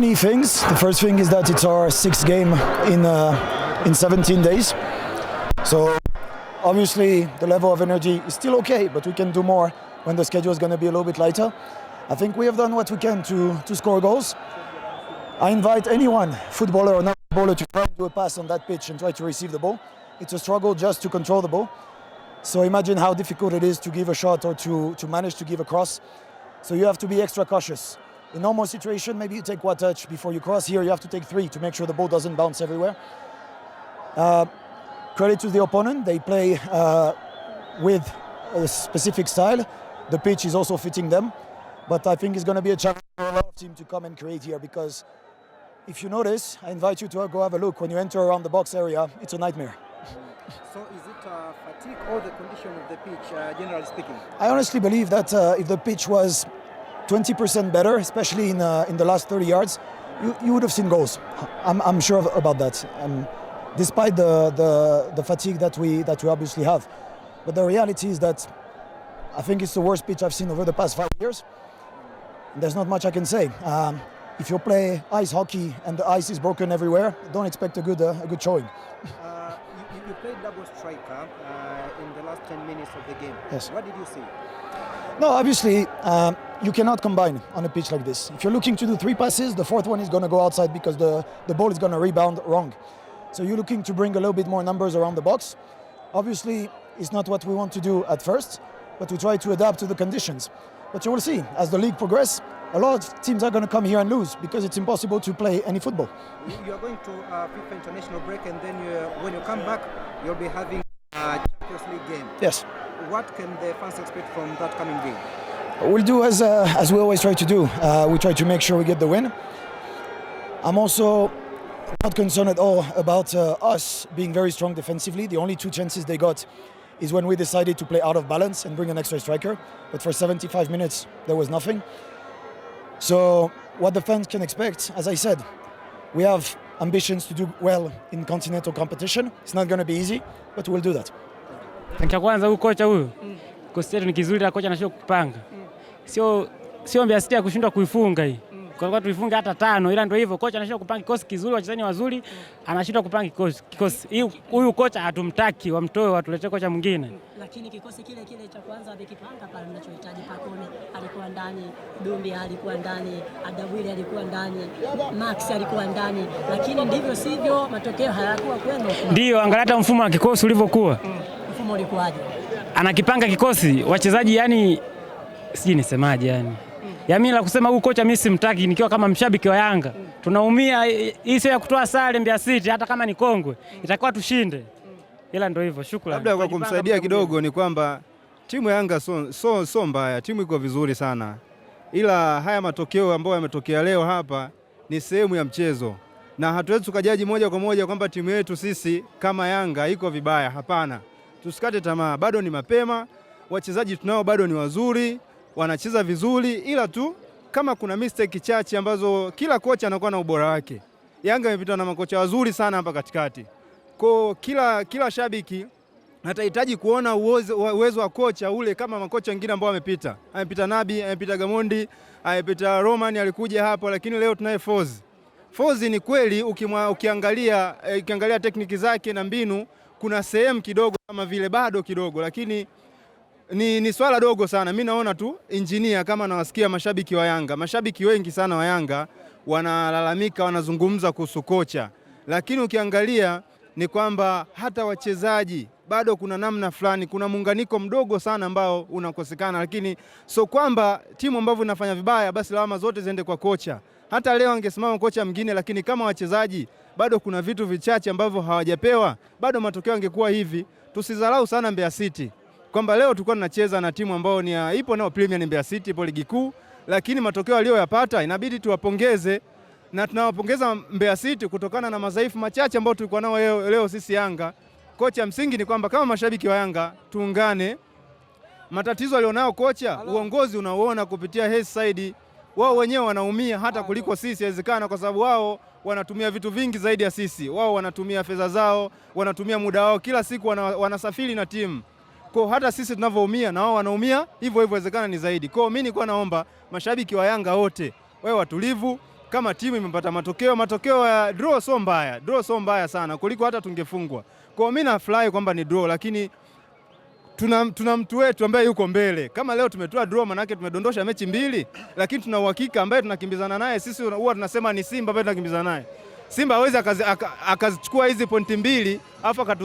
many things. The first thing is that it's our sixth game in uh, in 17 days, so obviously the level of energy is still okay, but we can do more when the schedule is going to be a little bit lighter. I think we have done what we can to to score goals. I invite anyone, footballer or not footballer, to try and do a pass on that pitch and try to receive the ball. It's a struggle just to control the ball. So imagine how difficult it is to give a shot or to, to manage to give a cross. So you have to be extra cautious. In normal situation, maybe you take one touch before you cross. Here, you have to take three to make sure the ball doesn't bounce everywhere. Uh, credit to the opponent, they play uh, with a specific style. The pitch is also fitting them. But I think it's going to be a challenge for a lot of teams to come and create here because if you notice, I invite you to go have a look. When you enter around the box area, it's a nightmare. So is it uh, fatigue or the condition of the pitch, uh, generally speaking? I honestly believe that uh, if the pitch was 20% better, especially in, uh, in the last 30 yards, you, you would have seen goals. I'm, I'm sure about that, despite the, the, the fatigue that we, that we obviously have. But the reality is that I think it's the worst pitch I've seen over the past five years. There's not much I can say. Um, if you play ice hockey and the ice is broken everywhere, don't expect a good, uh, a good showing. uh, you, you, played double striker uh, in the last 10 minutes of the game. Yes. What did you see? No, obviously, um, you cannot combine on a pitch like this. If you're looking to do three passes, the fourth one is going to go outside because the, the ball is going to rebound wrong. So you're looking to bring a little bit more numbers around the box. Obviously, it's not what we want to do at first, but we try to adapt to the conditions. But you will see, as the league progresses, a lot of teams are going to come here and lose because it's impossible to play any football. You're going to uh, FIFA international break, and then you, when you come back, you'll be having a Champions League game. Yes. What can the fans expect from that coming game? We'll do as, uh, as we always try to do. Uh, we try to make sure we get the win. I'm also not concerned at all about uh, us being very strong defensively. The only two chances they got is when we decided to play out of balance and bring an extra striker. But for 75 minutes, there was nothing. So, what the fans can expect, as I said, we have ambitions to do well in continental competition. It's not going to be easy, but we'll do that. Thank you huyu mm. kocha huyu. sio sio Mbeya City ya kushindwa kuifunga hii kwa tuifunge hata tano, ila ndio hivyo, kocha anashindwa kupanga kikosi kizuri, wachezaji wazuri, anashindwa kupanga kikosi kikosi. Huyu kocha hatumtaki, wamtoe, watulete kocha mwingine. Lakini kikosi kile kile cha kwanza amekipanga pale, mnachohitaji Pakome alikuwa ndani, Dumbi alikuwa ndani, Adawili alikuwa ndani, Max alikuwa ndani, lakini ndivyo sivyo, matokeo hayakuwa kwenu. Ndio, angalia hata mfumo wa kikosi ulivyokuwa. Mm. Mfumo ulikuwaje? Anakipanga kikosi wachezaji yani sijui nisemaje yani ya mimi la kusema huyu kocha mimi simtaki, nikiwa kama mshabiki wa Yanga tunaumia. Hii sio ya kutoa sare Mbeya City, hata kama ni kongwe itakuwa tushinde, ila ndio hivyo. Shukrani. Labda kwa kumsaidia kidogo ni kwamba timu ya Yanga so, so, so mbaya, timu iko vizuri sana, ila haya matokeo ambayo yametokea leo hapa ni sehemu ya mchezo, na hatuwezi tukajaji moja kwa moja kwamba timu yetu sisi kama Yanga iko vibaya. Hapana, tusikate tamaa, bado ni mapema, wachezaji tunao bado ni wazuri wanacheza vizuri, ila tu kama kuna mistake chache ambazo kila kocha anakuwa na ubora wake. Yanga imepitwa na makocha wazuri sana hapa katikati, kwa kila, kila shabiki atahitaji kuona uwezo wa kocha ule kama makocha wengine ambao wamepita. Amepita Nabi, amepita Gamondi, amepita Roman, alikuja hapo, lakini leo tunaye Fozi. Fozi ni kweli ukimwa, ukiangalia, eh, ukiangalia tekniki zake na mbinu, kuna sehemu kidogo kama vile bado kidogo, lakini ni, ni swala dogo sana. Mi naona tu injinia, kama nawasikia mashabiki wa Yanga, mashabiki wengi sana wa Yanga wanalalamika, wanazungumza kuhusu kocha, lakini ukiangalia ni kwamba hata wachezaji bado kuna namna fulani, kuna muunganiko mdogo sana ambao unakosekana, lakini so kwamba timu ambavyo inafanya vibaya basi lawama zote ziende kwa kocha. Hata leo angesimama kocha mwingine, lakini kama wachezaji bado kuna vitu vichache ambavyo hawajapewa, bado matokeo angekuwa hivi. Tusidharau sana Mbeya City kwamba leo tulikuwa tunacheza na timu ambayo ni ipo nao Premier ni Mbeya City, ipo ligi kuu, lakini matokeo aliyoyapata inabidi tuwapongeze, na tunawapongeza Mbeya City kutokana na madhaifu machache ambayo tulikuwa nao leo, leo sisi Yanga. Kocha msingi ni kwamba kama mashabiki wa Yanga tuungane, matatizo alionao kocha, uongozi unauona kupitia Hes Said, wao wenyewe wanaumia hata kuliko sisi, Haiwezekana kwa sababu wao wanatumia vitu vingi zaidi ya sisi. Wao wanatumia fedha zao, wanatumia muda wao, kila siku wanasafiri na timu kwa hata sisi tunavyoumia na wao wanaumia hivyo hivyo, inawezekana ni zaidi. Kwa mimi nilikuwa naomba mashabiki wa Yanga wote wawe watulivu, kama timu imepata matokeo, matokeo ya draw sio mbaya, draw sio mbaya sana kuliko hata tungefungwa. Kwa hiyo mimi nafurahi kwamba ni draw, lakini tuna, tuna mtu wetu ambaye yuko mbele. Kama leo tumetoa draw, manake tumedondosha mechi mbili, lakini tuna uhakika ambaye tunakimbizana naye sisi, huwa tunasema ni Simba ambaye tunakimbizana naye. Simba hawezi akazichukua hizi pointi mbili afu